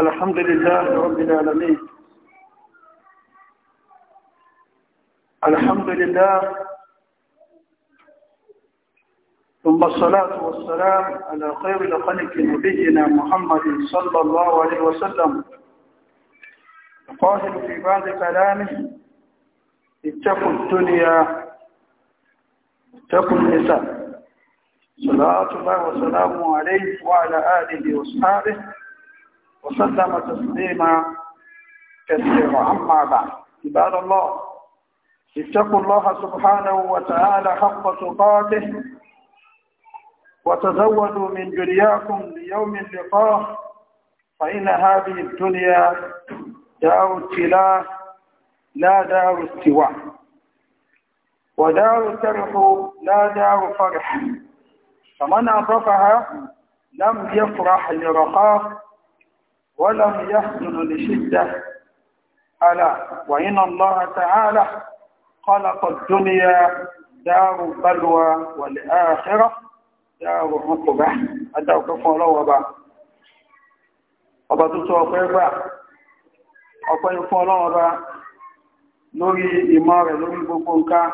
الحمد لله رب العالمين الحمد لله ثم الصلاة والسلام على خير لخلق نبينا محمد صلى الله عليه وسلم قاهل في بعض كلامه اتقوا الدنيا اتقوا النساء صلاة الله وسلامه عليه وعلى آله وصحابه وسلم تسليما كثيرا أما بعد عباد الله اتقوا الله سبحانه وتعالى حق تقاته وتزودوا من دنياكم ليوم اللقاء فإن هذه الدنيا دار ابتلاء لا دار استواء ودار ترح لا دار فرح فمن أضفها لم يفرح لرخاء ولم يحزن لشدة ألا وإن الله تعالى خلق الدنيا دار بلوى والآخرة دار عقبة أدعو كفو الله وبا ọba tó tó ọpẹ́ ẹgbà ọpẹ́ ikú ọlọ́run ọba lórí ìmọ̀ rẹ̀ lórí gbogbo nǹkan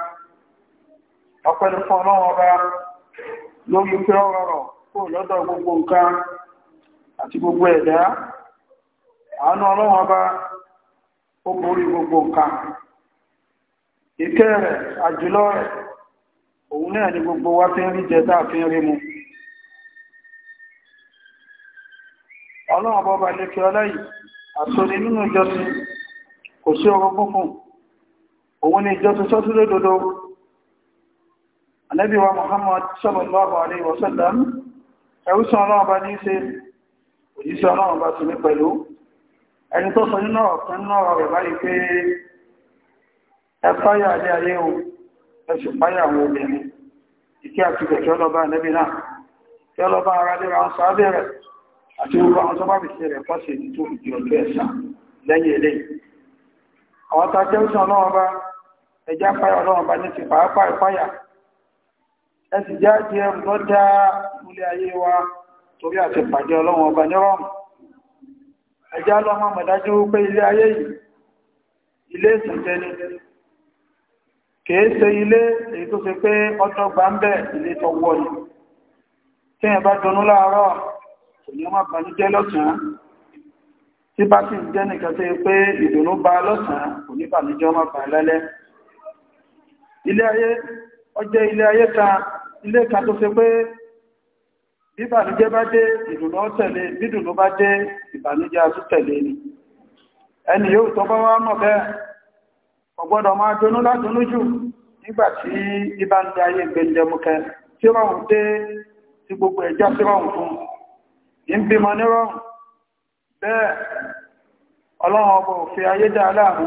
ọpẹ́ ikú ọlọ́run lórí pé ọ̀rọ̀ kó lọ́dọ̀ gbogbo nǹkan àti gbogbo ẹ̀dá àánú ọlọ́wọ́n bá ó borí gbogbo nǹkan ìkẹ́ rẹ̀ àjùlọ rẹ̀ òun náà ni gbogbo wa fi ń rí jẹ táà fi ń rí mu ọlọ́wọ́n bọ́ba lékẹ́ ọláyì àtòní nínú ìjọsìn kò sí òun ni ìjọsìn sọ́túlé dodo Ànábì wa Muhammad sallallahu ẹni tó sọ nínú ọ̀kan náà rẹ̀ báyìí pé ẹfáyà ayé o ẹ̀sùn páyà àwọn obìnrin ìkẹ́ àti ìgbẹ̀kẹ́ ọlọ́bá ẹlẹ́bí náà kí ọlọ́bá ara lè ra ọ̀sán abẹ́rẹ̀ àti gbogbo àwọn tó bá rẹ̀ pọ́sì ní tó fi ẹ̀sà lẹ́yìn ilé àwọn ta jẹ́ ẹjá ní ti pàápàá ẹ sì já jẹ́ ilé ayé wa torí àti ẹjá lọ mọ́ mọ̀dájú pé ilé ayé yìí ilé ìsìnkẹ́ ni kìí ṣe ilé èyí tó ṣe pé ọjọ́ gbà ń bẹ̀ ilé tó wọ́ ni tí ẹ bá dọnú láàárọ̀ kò ní má bànújẹ́ lọ́sàn-án tí bá sì ń jẹ́ nìkan tó yẹ pé ìdùnnú bá lọ́sàn-án kò ní bà lálẹ́ ìbànújẹ́ bá dé ìdùnnú tẹ̀lé bídùnnú bá dé ìbànújẹ́ asú tẹ̀lé ni ẹni yóò tọ́ bá wá mọ̀ bẹ́ẹ̀ ọgbọ́dọ̀ máa dúnú látúnú jù nígbàtí ibá ń da ayé gbẹ̀ndẹ̀mùkẹ́ tí rọrùn dé tí gbogbo ẹjá sí rọrùn fún ń bímọ ní rọrùn bẹ́ẹ̀ ọlọ́run ọgbọ̀ òfin ayé dá aláàmú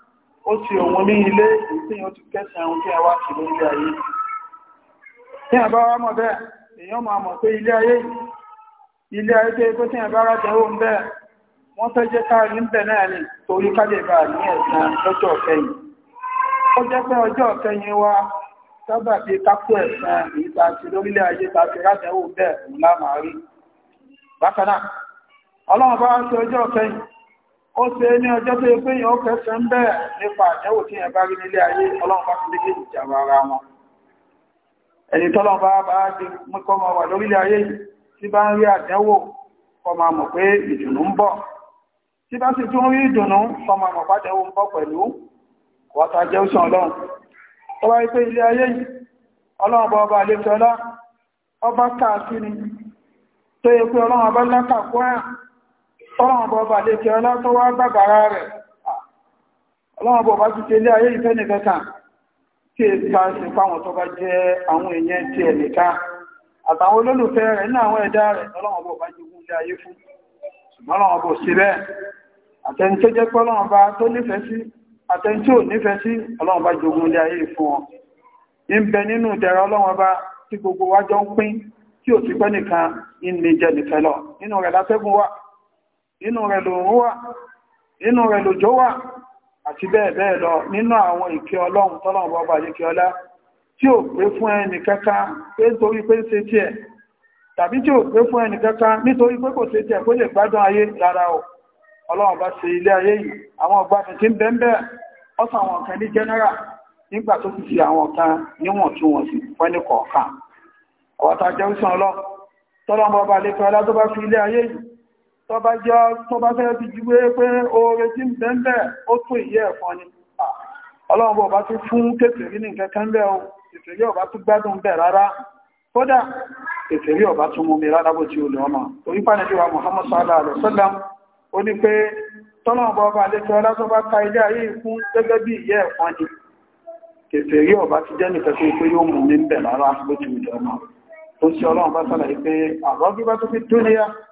ó ti òun ní ilé ìpín o kẹsàn ohun tí a wá sí lórí ayé tí a bá wá mọ̀ bẹ́ẹ̀ èèyàn ma mọ̀ pé ilé ayé ilé ayé tó ikú tí a bá rá jẹ́wó ń bẹ́ẹ̀ wọ́n fẹ́ jẹ́ káàrí ń bẹ̀ náà ni torí bá ní lọ́jọ́ ó wa sábà bí kaku ẹ̀sán ìgbà àti lórílẹ̀ ayé ta fi rájẹ́wó bẹ́ẹ̀ ọlọ́run bá wá sí ó ṣe ní ọjọ́ tó yẹ pé yàn kẹsẹ̀ ń bẹ̀rẹ̀ nípa àjẹ́wò tí yẹn bá rí nílé ayé ọlọ́run bá fi lékè ìjàmbá ara wọn ẹni tọ́lọ́ bá bá di mọ́kọ́ máa wà lórílẹ̀ ayé tí bá ń rí àjẹ́wò kó máa mọ̀ pé ìdùnnú ń bọ̀ tí bá sì tún rí ìdùnnú kó máa mọ̀ pàdẹ́wò ń bọ̀ pẹ̀lú wọ́ta jẹ́ òṣàn ọlọ́run tó wáyé tọ́lọ́wọ́n bọ̀ bá lè kẹ́ ọlá tó wá bàbára rẹ̀ ọlọ́wọ́n bọ̀ bá ti tẹ́ ilé ayé ìfẹ́ nìkẹta tí è bá ṣe fáwọn tó bá jẹ́ àwọn èèyàn tí ẹ̀ nìka àtàwọn olólùfẹ́ rẹ̀ ní àwọn ẹ̀dá rẹ̀ ọlọ́wọ́n bọ̀ bá jogún ilé ayé fún ṣùgbọ́n ọlọ́wọ́n bọ̀ sí bẹ́ẹ̀ àtẹni tó jẹ́ pọ́lọ́wọ́n bá tó nífẹ̀ẹ́ sí àtẹni tí ò nífẹ̀ẹ́ sí ọlọ́wọ́n bá jogún ilé ayé fún wọn ń bẹ nínú ìdẹ̀ra ọlọ́wọ́n bá tí gbogbo wájọ́ ń pín tí ò sí pẹ́ nìkan ń lè jẹ nìfẹ́ lọ nínú rẹ̀ látẹ́gùn wà nínú rẹ lòrún wà nínú rẹ lòjò wà àti bẹ́ẹ̀ bẹ́ẹ̀ lọ nínú àwọn ìkẹ́ ọlọ́run tọ́lọ́run bọ́bá ìkẹ́ tí ó pé fún ẹni kẹta pé nítorí pé ń ṣe ẹ̀ tàbí tí ó pé fún ẹni kẹta nítorí pé kò ṣe kó lè gbádùn ayé rárá ọlọ́run bá ṣe ilé ayé àwọn ń àwọn kan ní jẹ́nẹ́rà nígbà tó àwọn kan níwọ̀ntúnwọ̀nsì tọba jẹ́ tọba fẹ́ ti jú pé pé oore tí ń bẹ́ẹ̀ ó tó ìyẹ́ ẹ̀fọn ni ọlọ́run bọ̀ bá tún fún kèfèrí ní kẹ́kẹ́ ńbẹ̀ o kèfèrí ọba tún gbádùn bẹ̀ rárá kódà kèfèrí ọba tún mú mi rárá bó ti olè ọmọ orí pàdé Muhammad sallallahu alaihi wasallam ó ní pé tọ́lọ́run bọ̀ bá lẹ́tọ́ lásán bá ka ilé ayé fún gẹ́gẹ́ bí ìyẹ́ ẹ̀fọn ni kèfèrí ọba ti jẹ́ nìkan tó pé yóò mú mi ń bẹ̀ rárá bó ti olè ọmọ ó sì ọlọ́run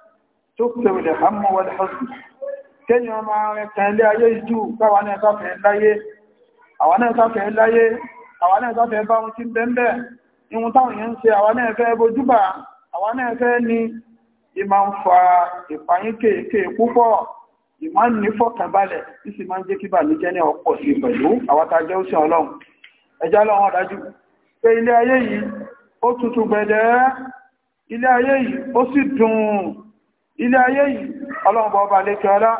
tó kúrò ilẹ̀ hàmù wọlé hosù tẹ́yìn ọmọ ààrẹ kẹ́lẹ́ ayé ìjú káwọn náà sáfẹ́ láyé àwọn náà sáfẹ́ láyé àwọn náà sáfẹ́ bá wọn tí ń bẹ́ẹ̀ ihun táwọn yẹn ń ṣe àwọn náà fẹ́ bojúbà àwọn náà fẹ́ ni ìmá ń fa ìpayín kéèké púpọ̀ ìmá ń ní fọ́kànbalẹ̀ ìsì máa ń jẹ́ kí bàlújẹ́ ilé ayé yìí ó tutù gbẹ̀dẹ́ ilé ayé yìí ó sì dùn ilé ayé yìí ọlọ́ọ̀bọ̀ ọba lẹ́kẹ́ ọlá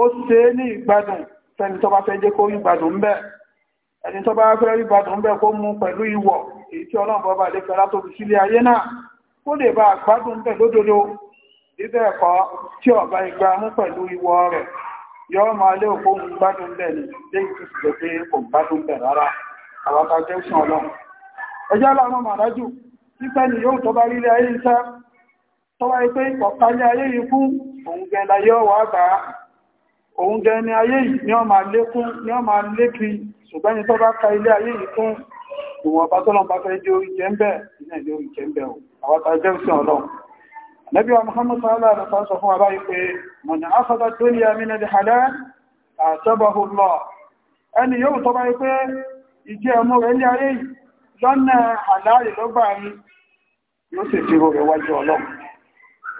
ó ṣe ní ìgbádùn fẹ́ni tó bá fẹ́ jẹ́ kó rí ìgbádùn ń bẹ̀ ẹni tó bá fẹ́ rí ìgbádùn ń bẹ̀ kó mú pẹ̀lú ìwọ̀ èyí tí ọlọ́ọ̀bọ̀ ọba lẹ́kẹ́ ọlá tó fi sílé ayé náà kó lè bá àgbádùn bẹ̀ lódodo bíbẹ̀ ẹ̀kọ́ tí ọba ìgbà mú pẹ̀lú ìwọ̀ rẹ̀ yọ́ máa lé òkú ń gbádùn bẹ̀ ní lẹ́yìn tó sì pé kò gbádùn bẹ̀ rárá àwọn akẹ́kọ̀ọ́ ọlọ́run ẹjọ́ làwọn màdájú nípa ni yóò tó bá rí ilé ayé iṣẹ́ tọ́wà ipé ọ̀kalẹ̀ ayé yìí fún òun gẹ̀ láyé ọwà bá òun gẹ̀ ni ayé yìí ni ọ máa lékún ni ọ máa lékí ṣùgbẹ́ni tó bá ka ilé ayé yìí fún ìwọ̀n bá tọ́lọ̀ bá fẹ́ jẹ́ orí jẹ́ òsìn ọlọ́run ẹni yóò tọ́ báyìí pé ìjẹ́ ọmọ rẹ̀ ní ayé lọ́nà àláàrí lọ́gbà yóò sì fi rò rẹ̀ wájú ọlọ́run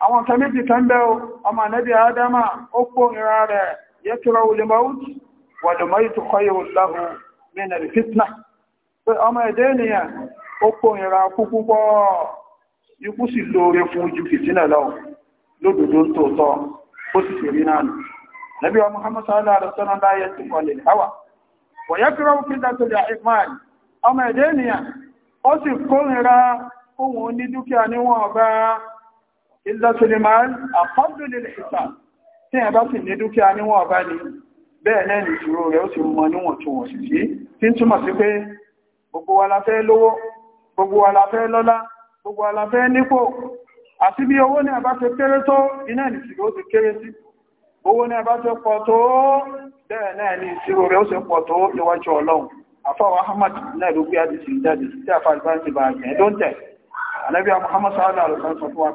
awon kan méjì kan bẹ́ o ọmọ ànẹ́bí adama o pò ìran rẹ̀ yẹ́kìrọ olùmọ́ut wà lùmọ́yí tó kọ́ yóò láhù fitna pé ọmọ ẹ̀dẹ́ ènìyàn ó pò ìran kú púpọ̀ ikú sì lóore fún ju fìtínà lọ lódòdó tòótọ́ ó sì fèrí náà nù nàbí wa muhammad sallallahu alaihi wasallam láyé tó lè hawa wà yẹ́kìrọ fitna tó lè àìmáàlì ọmọ ẹ̀dẹ́ ènìyàn ó sì kó ilẹ̀ suleiman àkọ́bìnrin ìsà tí ẹ bá sì ní dúkìá níwọ̀n bá ní bẹ́ẹ̀ náà ní ìṣòro rẹ̀ ó sì mọ níwọ̀ntúnwọ̀nsì sí tí ń túmọ̀ sí pé gbogbo wa la fẹ́ lówó gbogbo wa la fẹ́ lọ́lá gbogbo wa la fẹ́ nípò àti bí owó ní ẹ̀bá ṣe muhammad sallallahu alaihi wa sallam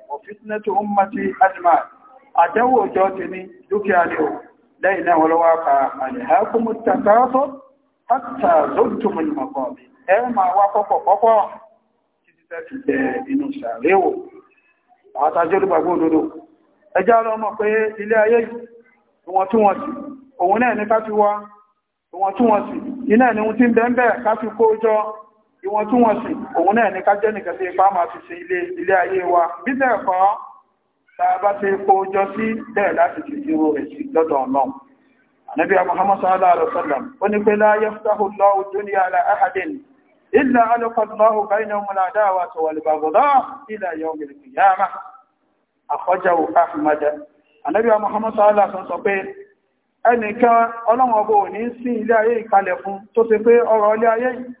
fitnatu ummati ajma àdánwò ọjọ́ ti ní dúkìá ni ó lẹ́yìn náà wọ́lọ́wọ́ ka alhakumut takathur hatta zurtumul maqabir ẹ máa wá kọ́kọ́ kọ́kọ́ títí tẹ́ fi jẹ inú sàréwò àtàjọ́ olùgbàgbọ́ òdodo ẹjá lọ mọ̀ pé ilé ayé ìwọ̀ntúnwọ̀nsì òun náà ní ká fi wá ìwọ̀ntúnwọ̀nsì iná ni ohun tí ń bẹ́ẹ̀ ká fi kó jọ ìwọ̀ntúnwọ̀nsì òun náà ní kájẹ́ nìkan sí ipá máa fi ṣe ilé ayé wa bí tẹ́ẹ̀kọ́ tàbá ti kó jọ sí bẹ́ẹ̀ láti ti ìrò rẹ̀ sí lọ́dọ̀ ọ̀nà ànábí Muhammad sallallahu alaihi wasallam ó ní pé la yaftahu Allahu dunya ala ahadin illa alqa Allahu bainahum al-adawata wal-baghdha ila yawm al-qiyamah akhrajahu Ahmad ànábí Muhammad sallallahu alaihi wasallam sọ pé ẹnìkan ọlọ́wọ́ bò ní sí ilé ayé ìkalẹ̀ fún tó ṣe pé ọrọ̀ ilé ayé yìí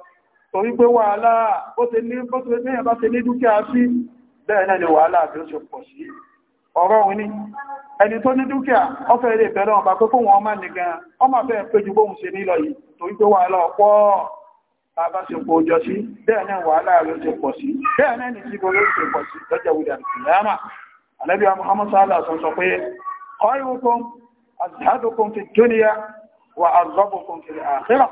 torí pé wàhálà bó ṣe ní bó ṣe ní ẹ̀bá ṣe ní dúkìá sí bẹ́ẹ̀ náà ni wàhálà bí ó ṣe pọ̀ sí ọ̀rọ̀ òun ní ẹni tó ní dúkìá ọfẹ́ ilé ìbẹ̀rẹ̀ ọba pé fóun ọmọ nìkan ọmọ fẹ́ péjú bóun ṣe nílọ yìí torí pé wàhálà ọ̀pọ̀ bàbá ṣe pọ̀ òjọ sí bẹ́ẹ̀ náà wàhálà rẹ̀ ṣe pọ̀ sí bẹ́ẹ̀ náà ní síbi olóò ṣe pọ̀ sí lọ́jọ́ wùdà ìyáàmà alẹ́bí Muhammad sallá sọ sọ pé khairukum azhadukum fi dunya wa arzabukum fi akhirah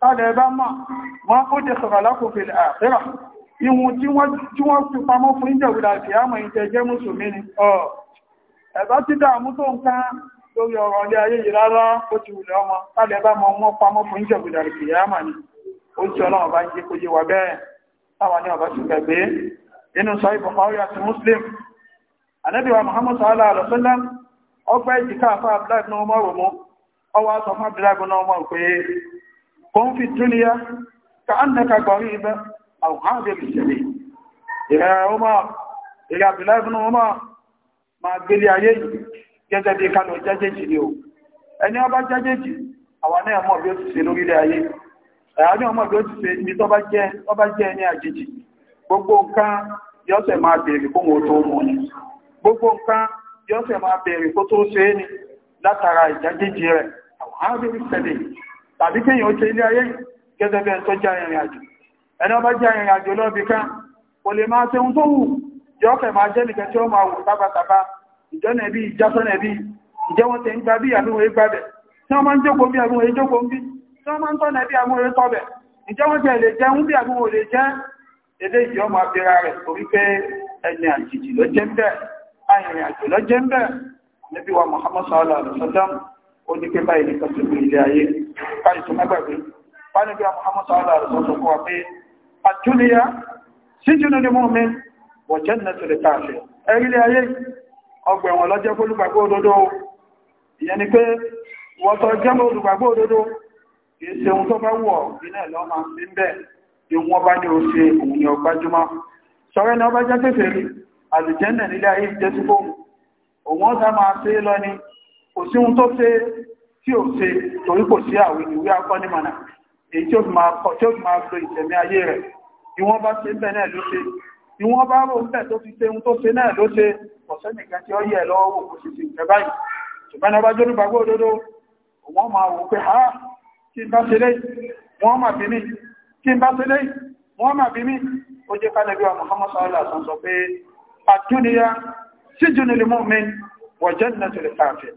tàbí bá mọ̀ wọ́n kó jẹ́ sọ̀rọ̀lákò fèlè àfẹ́rà ihun tí wọ́n fi pamọ́ fún ìjẹ̀wìdà àti àmọ̀ ìjẹ́ jẹ́ mùsùlùmí ni ọ̀ ẹ̀bá ti dààmú tó nǹkan lórí ọ̀rọ̀ ilé ayé yìí rárá ó ti wùlẹ̀ ọmọ tàbí bá mọ̀ pamọ́ fún ìjẹ̀wìdà a ni ó ti ọlọ́run bá ń jẹ́ bẹ́ẹ̀ ní ọ̀bá kún fi ka annaka gbọ̀rí ibẹ̀ àwòhánjẹ́ ìṣẹ̀lẹ̀ ìrẹ̀ ma gbélé ayé yìí gẹ́gẹ́ bí kánà jẹ́jẹ́jì ni o ọba jẹ́jẹ́jì àwọn náà mọ̀ bí ó ti ṣe lórílẹ̀ ayé ẹ̀yà ní ọmọ bí ó ti ṣe gbogbo nka gbogbo tàbí kí èyàn ó ṣe ilé ayé gẹ́gẹ́ bí ẹni tó já ìrìn àjò ẹni ọba já ìrìn àjò lọ́bí kan kò lè máa ṣe ohun tó wù jọ́kẹ̀ máa jẹ́ nìkan tí ó máa wù tábàtàbà ìjọ́nà ẹbí ìjẹ́ bi tẹ̀ ń gba bí tí wọ́n máa ń jókòó bí bí tí wọ́n máa ń tọ́nà bí ìjẹ́ wọn tẹ̀ lè jẹun bí àbíwọ̀n lè jẹ́ ó ní pé báyìí nìkan tó gbé ilé ayé báyìí tó mẹ́gbàgbé báyìí bí Muhammad sallallahu alaihi wasallam fún wa pé àtúnyà síjúnú ni mọ́mí wọ̀ jẹ́ nà tòlè káàfẹ́ ẹ̀rílẹ̀ ayé ọgbẹ̀ wọn ni pé wọ́tọ̀ jẹ́ olùgbàgbọ́ òdodo kìí ṣe ohun tó bá wọ̀ iná ẹ̀ lọ́mà sí ń bẹ́ẹ̀ ni wọ́n bá jẹ́ pèsè rí àlùjẹ́nà nílé ayé jẹ́ sí fóun òun ọ̀sá máa ṣe lọ ni kò sí ohun tó ṣe tí ò ṣe torí kò sí àwọn ìwé akọ́nímọ̀nà èyí tí ó máa kọ tí ó máa lo ìtẹ̀mí ayé rẹ̀ ìwọ́n bá ṣe ń bẹ̀ náà ló ṣe ìwọ́n bá rò ń bẹ̀ tó fi ṣe ohun tó ṣe náà ló ṣe ọ̀sẹ́ nìkan tí ó yẹ lọ́wọ́ wò kò sì sí ìfẹ́ báyìí ṣùgbọ́n ní ọba jórí gbàgbó òdodo wọ̀jẹ́ nínú tẹ̀lẹ̀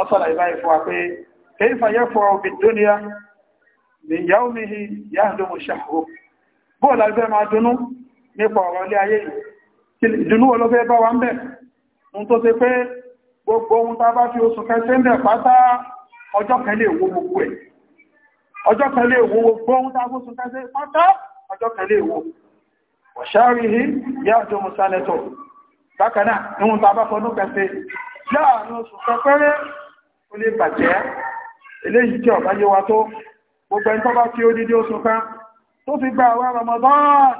ọ́sọ̀lá ìbáyìí fún wa pé kayfa yafra'u bid-dunya min yawmihi yahdumu shahru bóò lágbẹ́ máa dunú nípa ọ̀rọ̀ ilé ayé yìí ìdùnnú olófẹ́ bá wa ń bẹ̀ ohun tó ṣe pé gbogbo ohun tá bá fi oṣù kẹsẹ́ ń bẹ̀ pátá ọjọ́ kan lè wo gbogbo ẹ̀ ọjọ́ kan lè gbogbo ohun tá oṣù kẹsẹ́ pátá ọjọ́ kan lè wo ọ̀ṣáríhì yahdumu sanẹ́tọ̀ bákanáà níwọ̀n tá bá fọdún kẹsẹ́ láàrin oṣù kẹpẹ́rẹ́ ó lè bàjẹ́ eléyìí tí ọ̀bá yé wa tó gbogbo ẹni tó bá fi odidi oṣù kan tó fi gba àwọn Ramadan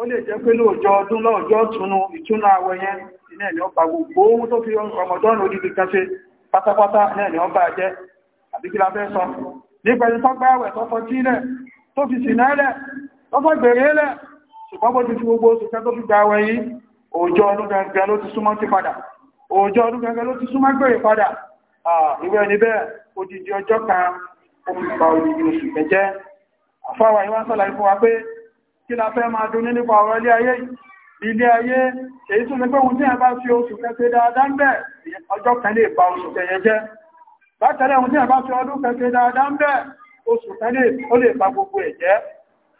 ó lè jẹ́ pé lóòjọ́ ọdún lọ́ọ̀jọ́ túnú ìtúnú àwẹ̀ yẹn iná ẹ̀lẹ́ ọba gbogbo ohun tó fi Ramadan odidi kan ṣe pátápátá iná ẹ̀lẹ́ ọba jẹ́ àbí kí la fẹ́ sọ nípa ẹni tó gbá àwẹ̀ tó fọ sílẹ̀ tó fi sìnà lẹ̀ tó fọ gbèrè lẹ̀ ṣùgbọ́n bó ti fi gbogbo oṣù kan tó fi gba àwẹ̀ yìí òòjọ́ ọdún gangan ló ti súnmọ́ ti padà òòjọ́ ọdún gangan ló ti súnmọ́ gbèrè padà ìwé ẹni bẹ́ẹ̀ odidi ọjọ́ kan òmìnira odidi oṣù kẹjẹ́ àfáwà ìwá sọ́lá ìfún wa pé kí la fẹ́ máa dún nípa ọ̀rọ̀ ilé ayé ilé ayé èyí tún ní pé wùn tí a bá fi oṣù kẹfẹ́ dáadáa ń bẹ ọjọ́ kan lè ba oṣù kẹyẹ jẹ́ bákẹ́lẹ̀ wùn tí a bá fi ọdún kẹfẹ́ dáadáa ń bẹ oṣù kan lè ó lè ba gbogbo ẹ̀ jẹ́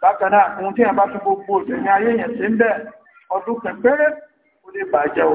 bákanáà wùn tí a bá fi gbogbo òṣèlú ayé yẹn sí ń bẹ ọdún kẹfẹ́rẹ́ ó lè bàjẹ́ ò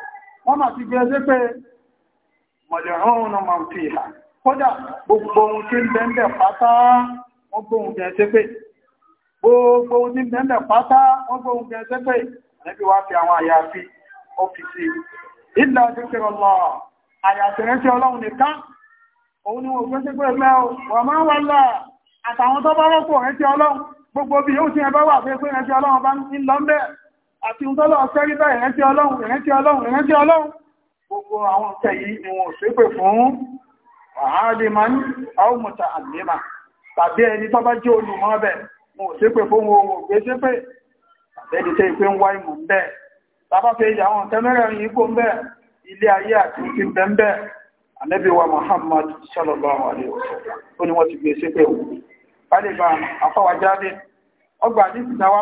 wọ́n máa ti gẹ́ẹ́sẹ́ pé mọ̀lẹ̀rún máa ń fi ìhà kódà gbogbo ohun tí ń bẹ́ẹ̀ pátá wọ́n gbóhun gẹ́ẹ́sẹ́ pé gbogbo ohun tí ń bẹ́ẹ̀ pátá wọ́n gbóhun gẹ́ẹ́sẹ́ pé ànábì wá fi àwọn àyàfi ọ́fíìsì ìlà àdúkẹ́ ọlọ́ àyàfi rẹ̀ sí ọlọ́run nìkan òun ni wọ́n gbẹ́sẹ́ pé ẹgbẹ́ wà máa wà lọ àtàwọn tó bá rọ́pò rẹ̀ sí ọlọ́run gbogbo bí yóò ti ẹbẹ́ wà fẹ́ pé rẹ̀ sí ọlọ́run bá ń lọ àti ìdọ́lọ̀ sẹ́rí bá ìrántí ọlọ́run ìrántí ọlọ́run ìrántí ọlọ́run gbogbo àwọn ọ̀tẹ̀ yìí ni wọn ò ṣépè fún àhálè máa ń àwòmọ̀ta àmìmà tàbí ẹni tó bá jẹ́ olùmọ̀ ọbẹ̀ wọn ò ṣépè fún wọn ò gbé ṣépè tàbí ẹni tẹ́ ìpé ń wá ìmọ̀ ń bẹ́ẹ̀ tàbá fẹ́ ìyà àwọn tẹ́mẹ́rẹ̀ yìí kó ń bẹ́ẹ̀ ilé ayé Muhammad sallallahu alaihi wasallam ó ní wọ́n ti gbé ṣépè wọn. bá lè ba àfọwájáde ọgbà ní ìtàwá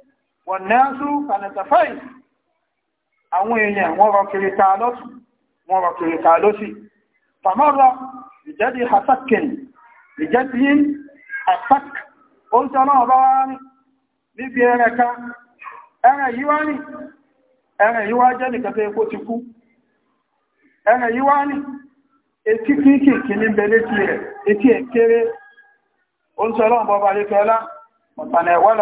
wọ̀n náà sú kànàtàfáì àwọn èèyàn wọ́n rọ kiri ta lọ́sù wọ́n rọ kiri ta lọ́sì fàmọ́rọ ìjẹ́dì hasakin ìjẹ́dì hasak ó ń sọ náà bá wá rí níbi ẹrẹ ká ẹrẹ yìí wá rí ẹrẹ yìí wá jẹ́ nìkan tó epo ti kú ẹrẹ yìí ní etí ẹ̀kẹ́rẹ́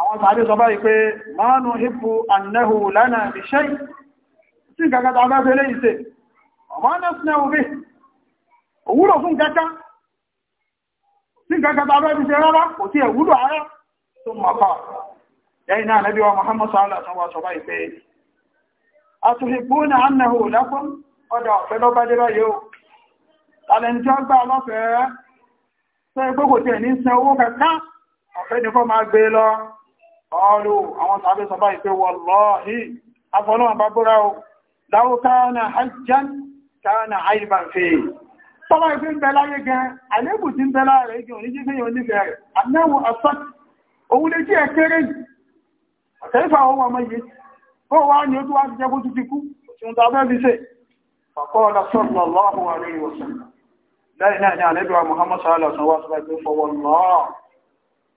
àwọn tàbí sọ báyìí pé mánú hippo annahu lánà ìṣẹ́ sí gagata abẹ́fẹ́ léyìí tẹ́ ọmọ anẹ́sìnẹ́ òbí òwúrò fún kẹta sí gagata abẹ́fẹ́ tẹ́ rárá kò tí ẹ̀wúrò ara tó mọ̀pá ẹ̀yìn náà nẹ́bí wa Muhammad sallallahu alaihi wa sọ báyìí pé atuhibbuna annahu lakum ọdọ̀ ọ̀fẹ́ lọ́bá dé ní sin máa gbé lọ ọlú àwọn tàbí sọ báyìí pé wallahi afọ́lọ́wọ̀n bá búra o láwọ́ káàna hajjan káàna àìbà fi sọ́wọ́ ìfẹ́ ń bẹ láyé gan alébù ti ń bẹ láàrẹ igi òní jí fíyàn nífẹ̀ẹ́ rẹ̀ anáwọ̀ asọ́t òun jẹ́ bójú ti kú òṣùn tó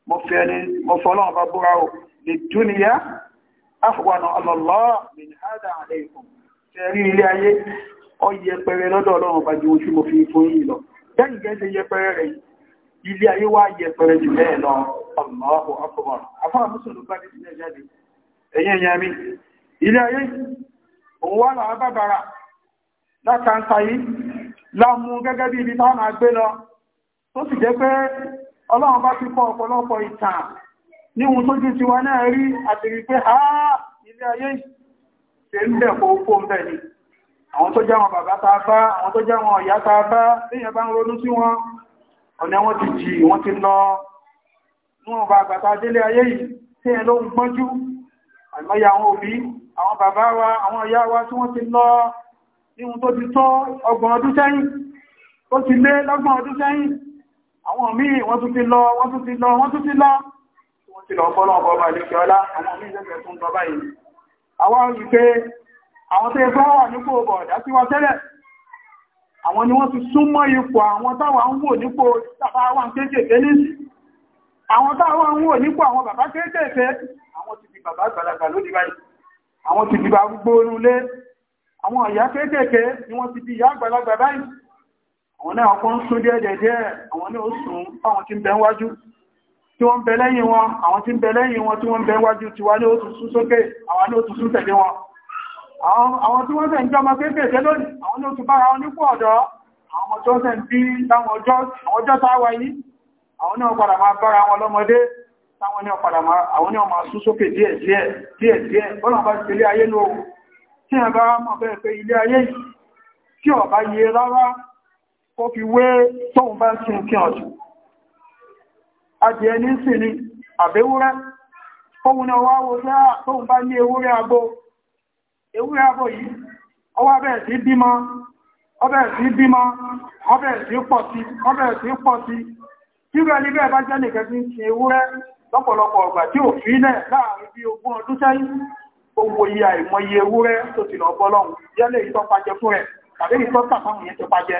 mo fi ẹni mo fọ́lọ́n bá búra o lè dúnìyà afọ̀wọ̀nà ọlọ́lọ́ min hada alaykum tẹ̀rí ilé ayé ọ yẹpẹrẹ lọ́dọ̀ ọlọ́run bá ju ojú mo fi fún yìí lọ lẹ́yìn gẹ́gẹ́ yẹpẹrẹ rẹ̀ ilé ayé wá yẹpẹrẹ jù bẹ́ẹ̀ lọ bá jáde mi ilé ayé òun wá yìí gẹ́gẹ́ bí ibi táwọn àgbé ọlọ́run bá ti kọ́ ọ̀pọ̀lọpọ̀ ìtàn níhun tó jú tiwa náà rí àti rí pé ha ilé ayé ṣe ń bẹ̀ kókó ń bẹ̀ ni àwọn tó jáwọn bàbá ta bá àwọn tó jáwọn ọ̀yá ta bá léyìn bá ń ronú sí wọn ọ̀nà wọn ti jì wọ́n ti lọ níwọ̀n bá àgbàta délé ayé yìí tí ẹ ló ń gbọ́njú àìmọ́ya àwọn òbí àwọn bàbá wa àwọn ọ̀yá wa tí wọ́n ti lọ níhun tó ti tó ọgbọ̀n ọdún sẹ́yìn tó ti lé lọ́gbọ̀n ọdún sẹ́yìn àwọn míì wọ́n tún ti lọ wọ́n tún ti lọ wọ́n tún ti lọ wọ́n ti lọ fọ́lọ́ ọkọ̀ ọba ìlẹ́kẹ̀ ọlá àwọn míì lẹ́gbẹ̀ẹ́ tún lọ báyìí àwọn rí pé àwọn tó ẹgbẹ́ wà nípò bọ̀ọ̀dá sí wọn tẹ́lẹ̀ àwọn ni wọ́n ti súnmọ́ ipò àwọn táwa ń wò nípò bàbá wa kéékèèké nísì àwọn táwa ń wò nípò àwọn bàbá kéékèèké àwọn ti di bàbá àgbàlagbà lónìí báyìí àwọn ti di bàbá gbóorun lé àwọn ìyá kéékèèké ni wọ́n ti di ìyá àgbàlagbà báyìí àwọn náà kọ́ ń sún díẹ̀dẹ̀díẹ̀ àwọn náà ó sùn àwọn tí ń bẹ wájú tí wọ́n bẹ lẹ́yìn wọn àwọn tí ń bẹ lẹ́yìn wọn tí wọ́n bẹ wájú ti wá ní ó tún sún sókè àwọn ní ó tún sún tẹ̀lé wọn àwọn tí wọ́n tẹ̀ ń jẹ́ ọmọ kéékèèké lónìí àwọn ní ó tún bára wọn nípò ọ̀dọ́ àwọn ọmọ tó tẹ̀ ń bí láwọn ọjọ́ àwọn ọjọ́ tá wà yìí àwọn náà padà máa bára wọn lọ́mọdé táwọn náà padà máa àwọn náà máa sún sókè díẹ̀ díẹ̀ díẹ̀ díẹ̀ bọ́nà bá ti ilé ayé lóòrùn tí ẹ̀ bá mọ̀ bẹ́ẹ̀ pé ilé ayé yìí tí ó bá yé rárá kó fi wé tóun bá sí kí ọ̀sùn adìẹ ní sí ni àbẹ́wúrẹ́ kóhun náà wá wo sáà tóun bá ní ewúrẹ́ agbo ewúrẹ́ agbo yìí ọwọ́ bẹ̀rẹ̀ sí bímọ ọbẹ̀ sí bímọ ọbẹ̀ sí pọ̀ sí ọbẹ̀ sí pọ̀ sí tí rẹ̀ níbẹ̀ bá jẹ́ nìkan tí ń ṣe ewúrẹ́ lọ́pọ̀lọpọ̀ ọgbà tí ò fi ilẹ̀ láàrin bí ogún ọdún sẹ́yìn owó iye àìmọye ewúrẹ́ tó ti lọ bọ́lọ́hun yẹ́lẹ̀ ìtọ́pajẹ fún rẹ̀ tàbí ìtọ́ta fáwọn yẹn ti pajẹ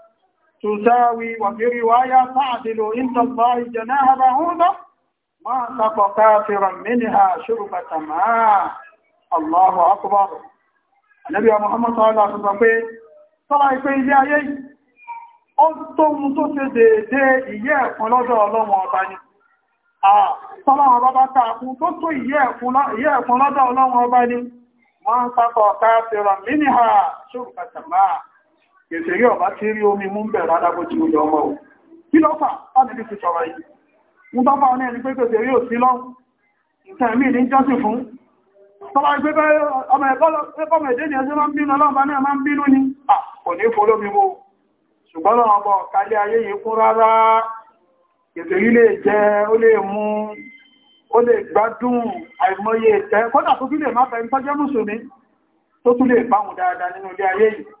تساوي وفي رواية تعدل عند الله جناح بعوضة ما سق كافرا منها شربة ماء الله أكبر النبي محمد صلى الله عليه وسلم sọ́lá ìpé ilé ayé yìí mú tó ṣe ìyẹ́ lọ́dọ̀ ọba ni bá tó tó ìyẹ́ ìṣeré ọ̀bá tí rí omi mú bẹ̀ rárá bó ti ojú ọmọ o kí ló fà ánìbí ti sọ̀rọ̀ yìí mú bá fáwọn ní ẹni pé kò tẹ̀rí òsí lọ nǹkan ẹ̀mí ní jọ́sìn fún tọ́lá ìgbé bẹ́ ọmọ ẹ̀kọ́ ẹ̀dẹ́ ni ẹsẹ́ máa ń bínú ọlọ́ọ̀bá náà máa ń bínú ni kò ní folo mi mo ṣùgbọ́n lọ́wọ́ ọmọ kalẹ̀ ayé yìí kún rárá ètò yìí lè jẹ ó lè mú ó lè gbádùn àìmọye ìtẹ́ kọ́dà tó tún lè má fẹ́ ń tọ́jẹ́ mùsùlùmí tó dáadáa nínú ilé ayé yìí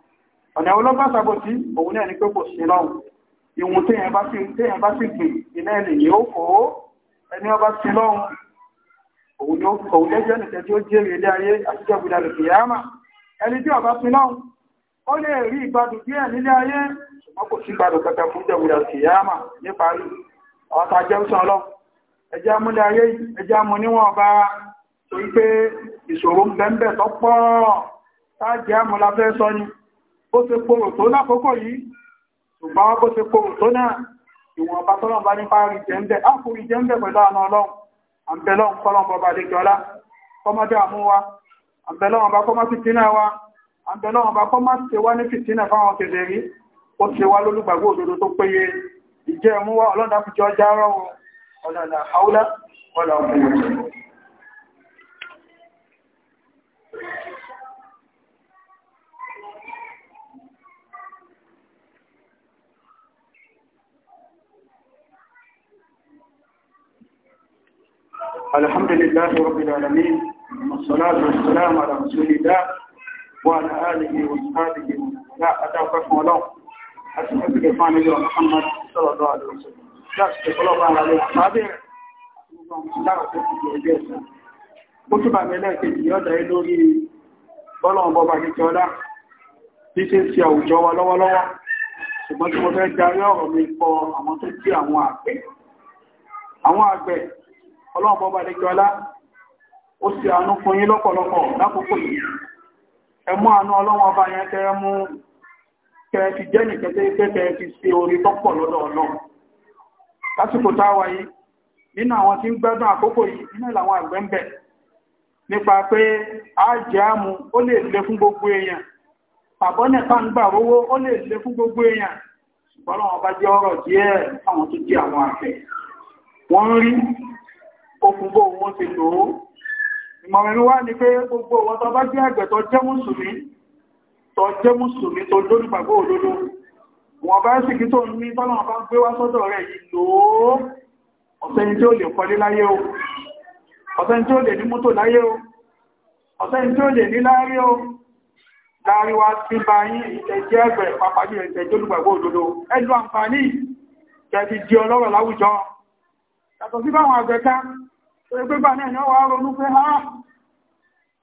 ọ̀nà olóbásàbòtí òun náà ni pé kò sí lọ́wọ́ ìwọ̀n téèyàn bá sì gbìn iná ẹ̀lì ni ó kó ẹni ọba sí lọ́wọ́ òun lẹ́jọ́ nìkẹ́ tí ó jẹ́rìí ilé ayé àtijọ́ gbìdà lè fi yáàmà ẹni tí ọba sí lọ́wọ́ ó lè rí ìgbádùn díẹ̀ nílé ayé ṣùgbọ́n kò sí ìgbádùn kankan fún ìjọ gbìdà lè bó ṣe pòrò tó lákòókò yìí ṣùgbọ́n bó ṣe pòrò tó náà ìwọ̀n bá tọ́lọ̀n bá nípa rí jẹ́ǹdẹ̀ áfúrí jẹ́ǹdẹ̀ pẹ̀lú àna ọlọ́run àbẹ̀lọ́n kọ́lọ̀n bọ́ba àdéjọ́lá kọ́mọdé àmú wa àbẹ̀lọ́n bá kọ́mọ fìtínà wa àbẹ̀lọ́n bá kọ́mọ ṣe wá ní fìtínà fáwọn kèdèrí ó ṣe wá lólùgbàgbọ́ òdodo tó péye ìjẹ́ ẹ̀mú wa ọlọ́dà fìjọ́ já rọrùn ọ̀nà àwúlá ọ̀nà òkú الحمد لله رب العالمين والصلاة والسلام على رسول الله وعلى آله وصحبه لا أتوقف ولو أسمعك إخواني محمد صلى الله عليه وسلم على láti ọlọ́pàá ara lè pàdé ṣùgbọ́n tí mo fẹ́ darí ọ̀rọ̀ mi kọ àwọn tó jí àwọn àgbẹ̀ àwọn àgbẹ̀ ọlọ́ọ̀bọ̀ bá lè jọlá ó sì àánú fún yín lọ́pọ̀lọpọ̀ lákòókò ẹmú àánú ọlọ́wọ́ ọba yẹn tẹ́ mú kẹfì jẹ́ nìkẹ́tẹ́ nípa pé a jẹ́ àmú ó lè fún gbogbo èèyàn àbọ́nẹ̀ tá ń ó gbogbo èèyàn ṣùgbọ́n ọba jẹ́ ọ̀rọ̀ díẹ̀ àwọn tó jẹ́ àwọn wọ́n okùnbó wọn ti lò ó ìmọ̀rin wá ní pé gbogbo wọn tó bá jẹ́ àgbẹ̀ tó jẹ́ mùsùlùmí tó jẹ́ mùsùlùmí tó lórí gbàgbọ́ òdodo wọn bá sì kí tó ń ní tọ́nà bá gbé wá sọ́dọ̀ rẹ̀ yìí lò ó ọ̀sẹ́ni tí ó lè kọ́lé láyé o ọ̀sẹ́ni tí ó lè ní mọ́tò o ọ̀sẹ́ni tí ó lè ní láyé o láàrin wá sí bá yín ìtẹ̀jẹ́ ẹgbẹ̀ pàpàdé ìtẹ̀jẹ́ olùgbàgbọ́ òdodo ẹlú àǹfààní kẹfì di ọlọ́rọ̀ láwùjọ yàtọ̀ sí báwọn àgbẹ̀ká ẹgbẹ́gbà náà ni wà ronú pé ha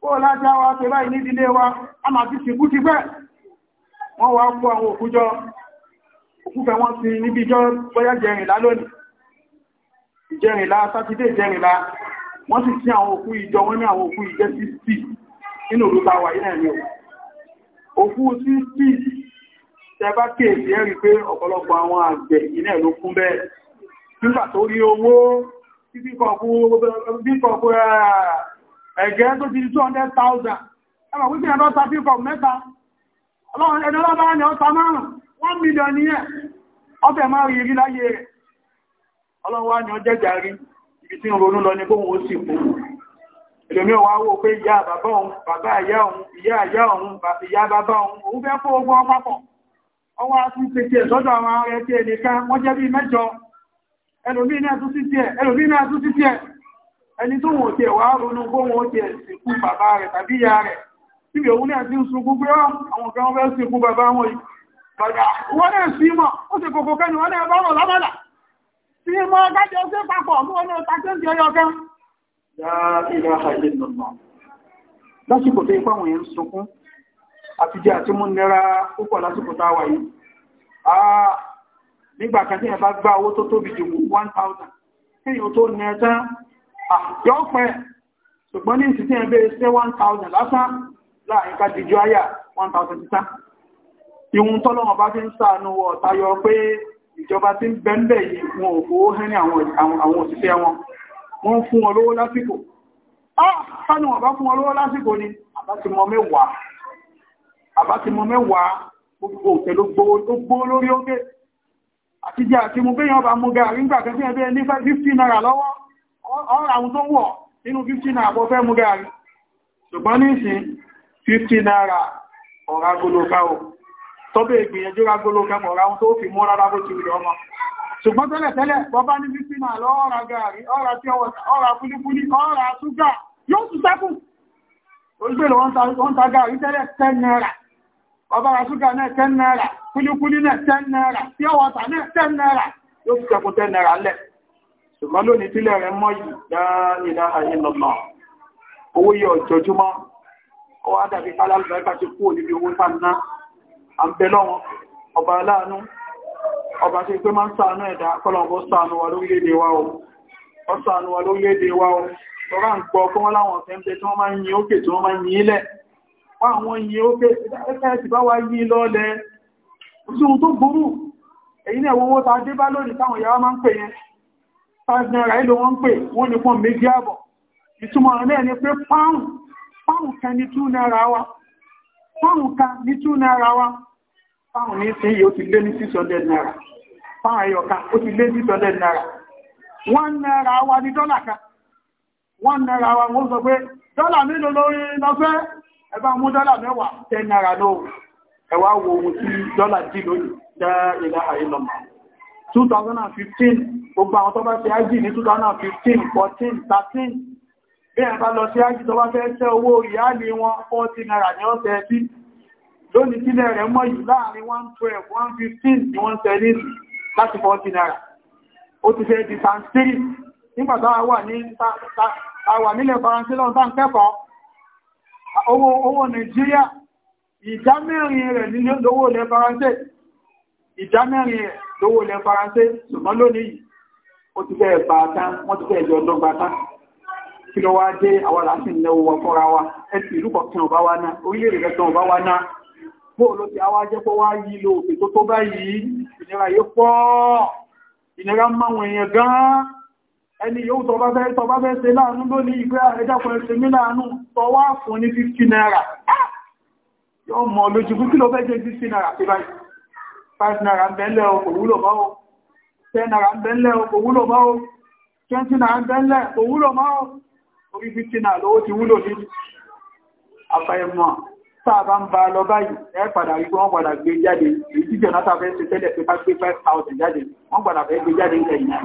kó lájá wa tẹ báyìí ní ìdílé wa a máa ti sìnkú ti pẹ́ wọ́n wá kó àwọn òkú jọ òkúfẹ́ wọ́n ti níbi jọ bóyá jẹrìnlá lónìí jẹrìnlá sátidé jẹrìnlá wọ́n sì sí àwọn òkú ìjọ wọ́n ní àwọn òkú ìjẹ́ sí sí nínú òrùka wà yìí ẹ̀rìn òkú sí sí tẹbá kéèsì ẹ̀rí pé ọ̀pọ̀lọpọ̀ àwọn àgbẹ̀ ìnẹ̀ ló kún bẹ́ẹ̀ nígbà tó rí owó bí kọ̀ọ̀kú ẹ̀gẹ́ tó ti 200,000 ẹwà wípé ẹ̀rọ ta fífọ̀ mẹ́ta ọlọ́run ẹ̀dọ́ lọ́bàá ni ọta márùn-ún 1 million ní ẹ̀ ọbẹ̀ máa rí rí láyé rẹ̀ ọlọ́run wá ní ọjẹ́ jàrí ibi tí ń ronú lọ ní bóhun ó sì kú ẹlòmí ọwá wó pé ìyá bàbá òun bàbá ìyá òun ìyá ìyá òun ìyá bàbá òun òun fẹ́ fó ogun ọpapọ̀ ọwá tún pèsè ẹ̀sọ́dọ̀ àwọn ará ẹ̀kẹ́ ẹlòmí náà tún sí díẹ̀ ẹlòmí náà tún sí díẹ̀ ẹni tó wọ́n tiẹ̀ wá ronú kó wọ́n tiẹ̀ sìnkú bàbá rẹ̀ tàbí ìyá rẹ̀ síbi òun náà ti ń sunkún pé ah, àwọn kan fẹ́ sìnkú bàbá wọn yìí bàbá wọ́n náà sí mọ̀ ó sì kòkò kẹ́ni wọ́n náà bá rọ̀ lábàlà sí mọ́ gájọ sí papọ̀ mú wọn náà tàbí ti ọyọ kan lásìkò tó ipá wọ̀nyẹn sunkún àtijọ́ àti mú nira púpọ̀ lásìkò táwà yìí ah, nígbà kan tí ẹ bá gbá owó tó tóbi jù 1000 kíyàn tó ní ẹta àjọ́ pẹ́ ṣùgbọ́n ní ìsìtí ẹ bẹ́ẹ̀ ṣe 1000 lásán láàrin ká dìjú àyà 1000 títà ìhun tọ́lọ́wọ́n bá fi ń sàánú wọ tayọ pé ìjọba tí ń bẹ́ńbẹ̀ yìí wọn ò fowó hẹ́ni àwọn òṣìṣẹ́ wọn wọ́n ń ni àbá ti mọ mẹ́wàá gbogbo òtẹ̀ ló gbówó lórí ókè àti jẹ́ àti mú bẹ́yàn bá mú gàrí nígbà kan fíẹ́ bẹ́ẹ̀ ní 15 naira lọ́wọ́ ọ̀rọ̀ àwọn tó wọ̀ nínú 15 naira bọ́ fẹ́ mú gàrí ṣùgbọ́n ní ìsìn 15 naira ọ̀rá gólóká o tọ́bẹ̀ ìgbìyànjú ra gólóká ọ̀rá àwọn tó fi mú rárá bó ti rí ọmọ ṣùgbọ́n tẹ́lẹ̀ tẹ́lẹ̀ bọ́bá ní 15 naira lọ́ọ̀rá gàrí ọ̀rá tí ọ̀rá fúlífúlí ọ̀rá ṣúgà yóò tún sẹ́kù ó gbèrò wọ́n ọba ra ṣúgà náà ten naira kúlíkúlí náà ten naira pure water náà ten naira yóò fi kẹ́kọ̀ọ́ ten naira lẹ̀ ṣùgbọ́n lónìí tílẹ̀ rẹ̀ mọ́ yìí dáadáa ayélujára owó yẹ ọ̀jọ̀júmọ́ ọwọ́ àdàbí kálálùbáríkà ti kú níbi owó sáàná à ń bẹ lọ́wọ́n ọba aláàánú ọba tí pé máa ń ṣàánú ẹ̀dá kọ́lọ̀bọ̀ ṣàánú wa lórílẹ̀-èdè wa o ọ ṣàánú wa lórílẹ̀-èdè o lọ́rà ń pa àwọn iye ó pé ẹ̀ẹ́sì bá wá yí lọ́lẹ̀ ohun tó burú èyí ní ẹ̀wọ́wọ́ ta dé bá lónìí táwọn yàwó máa ń pè yẹn naira ìlò wọ́n ń pè wọ́n ní pọ́n méjì àbọ̀ ìtumọ̀ náà ni pé pound naira awa pound ka naira awa pound ti pound ti lé naira ẹbá mú dọ́là mẹ́wàá tẹ́ náírà lọ ẹwà wo ohun tí dọ́là dì lónìí dá ilẹ̀ àìlọ́mà 2015 gbogbo àwọn tó bá ájì ní 2015 14 13 bí ẹ̀ lọ sí ájì tó fẹ́ tẹ́ owó ìyáàlì wọn 40 náírà ní ọ̀sẹ̀ ẹbí lónìí sílẹ̀ rẹ̀ mọ́ yìí láàrin 112 115 ni wọ́n tẹ́ ní láti 40 náírà ó ti fẹ́ di san nígbàtá wà nílẹ̀ faransé lọ́nà tá kẹ́kọ̀ọ́ owó Nàìjíríà ìdámẹ́rin rẹ̀ ní lówó ilẹ̀ Faransé ìdámẹ́rin rẹ̀ lówó ilẹ̀ Faransé ṣùgbọ́n lónìí ó ti fẹ́ bàátá wọ́n ti fẹ́ ẹjọ́ ọdún bàátá kí lọ wá dé àwọn láti ìnáwó wọ fọ́ra wa ẹ̀sì ìlú kọ̀kan ọba wa náà orílẹ̀-èdè kẹ́kàn ọba wa náà bóò ló ti awá jẹ́ pọ́ wá yí lo òfin tó tó báyìí ìnira yóò pọ̀ ìnira ẹni yóò tọba fẹ́ tọba fẹ́ ṣe láàánú ló ní ìgbé ẹjọ́pọ̀ ẹ̀ṣẹ̀ mí láàánú tọwá fún ní 50 naira ah! yóò mọ̀ lójú fún kí ló fẹ́ jẹ́ 50 naira sí báyìí 5 naira ń bẹ́lẹ̀ kò wúlò mọ́ o 10 naira ń bẹ́lẹ̀ kò wúlò mọ́ o 20 naira ń bẹ́lẹ̀ kò wúlò mọ́ o orí 50 naira lówó ti wúlò ní afẹ́mọ̀ sáà bá ń ba lọ báyìí ẹ padà rí wọ́n padà gbé jáde èyí tí jọ̀nátà fẹ́ ṣe tẹ́lẹ̀ pé ká gbé 5000 jáde wọ́n padà fẹ́ gbé jáde ìtẹ̀yìn náà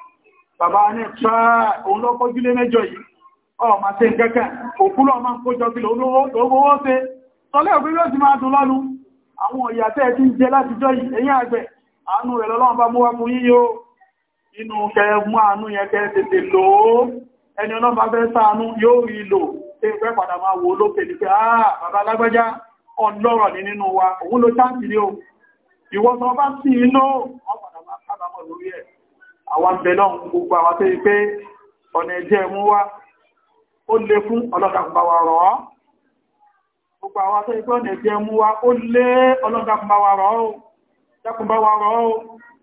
bàbá ní ṣáà òun lọ́pọ̀ jùlé mẹ́jọ yìí ọmọ tí ń kẹ́kẹ́ òkúlọ̀ máa ń kójọ kí lówó ṣe tọ́lẹ̀ òfin ló ti máa dùn lọ́nu àwọn ìyà tẹ́ ti ń jẹ látijọ́ yìí ẹ̀yin àgbẹ̀ àánú rẹ̀ lọ́lọ́run bá mú wá fún yín yóò inú kẹmú àánú yẹn kẹ tètè lò ó ẹni ọlọ́run bá fẹ́ ṣàánú yóò rí lórí ẹ̀ àwọn bẹ̀lọ́ gbogbo àwọn tó yí pé ọ̀nà ẹ̀jẹ̀ mú wá ó lé fún ọlọ́dàkùnbáwà rọ̀ ọ́ gbogbo àwọn tó yí pé ọ̀nà ẹ̀jẹ̀ mú wá ó lé ọlọ́dàkùnbáwà rọ̀ ọ́ dákùnbáwà rọ̀ ọ́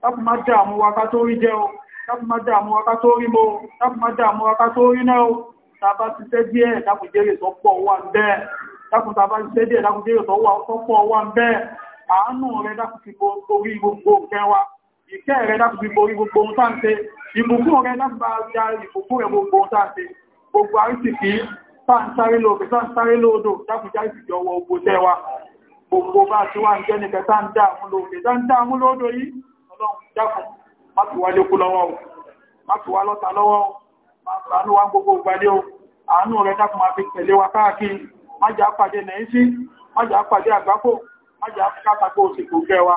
dákùnmá dààmú wa ká tó rí jẹ́ o dákùnmá dààmú wa ká tó rí mo dákùnmá dààmú wa ká tó rí náà o tàbá ti tẹ́ díẹ̀ dákùnjẹ́rẹ̀ tó pọ̀ wà ń bẹ́ẹ̀ dákùn tàbá ti tẹ́ díẹ̀ dákùnjẹ́rẹ̀ tó pọ̀ wà ń bẹ́ẹ̀ àánú rẹ̀ dákùn ti bo orí gbogbo nǹkan wa ìkẹ́ rẹ̀ láti fi borí gbogbo ohun táǹtẹ́ ìbùkún rẹ̀ láti bá ya ìbùkún rẹ̀ gbogbo ohun táǹtẹ́ gbogbo àrísìkí táǹtáré lóòdò táǹtáré lóòdò dákùjá ìsìkí ọwọ́ ogbó tẹ́wa gbogbo bá ti wá ń jẹ́ nìkẹ́ táǹdá àmúlòdò táǹdá àmúlòdò yìí ọlọ́run dákùn má ti wá lékú lọ́wọ́ má ti wá lọ́ta lọ́wọ́ má ti wá lọ́wọ́ gbogbo ìgbàlẹ́ o àánú rẹ̀ dákùn má fi tẹ̀lé wa káàkiri má jẹ́ àpàdé nẹ̀ẹ́sí má jẹ́ àpàdé àgbákò má jẹ́ àpàdé àgbákò òsìkò gẹ́ wa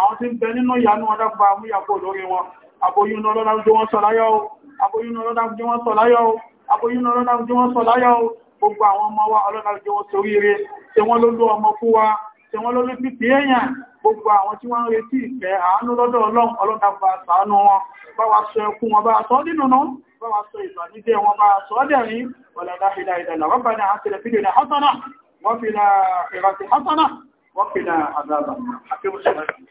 àwọn tí ń bẹ nínú ìyanu ọdágbà múyàpò lórí wọn aboyún ọlọ́dájú wọn sọ láyọ̀ o aboyún ọlọ́dájú wọn sọ láyọ̀ o aboyún ọlọ́dájú wọn sọ láyọ̀ o gbogbo àwọn ọmọ wa ọlọ́dájú wọn sórí rẹ̀ tí wọ́n ló lú ọmọ fún wa tí wọ́n ló lú títí èèyàn gbogbo àwọn tí wọ́n ń retí ìfẹ́ àánú lọ́dọ̀ ọlọ́run ọlọ́dàgbà ṣàánú wọn bá wa sọ ẹkún wọn bá sọ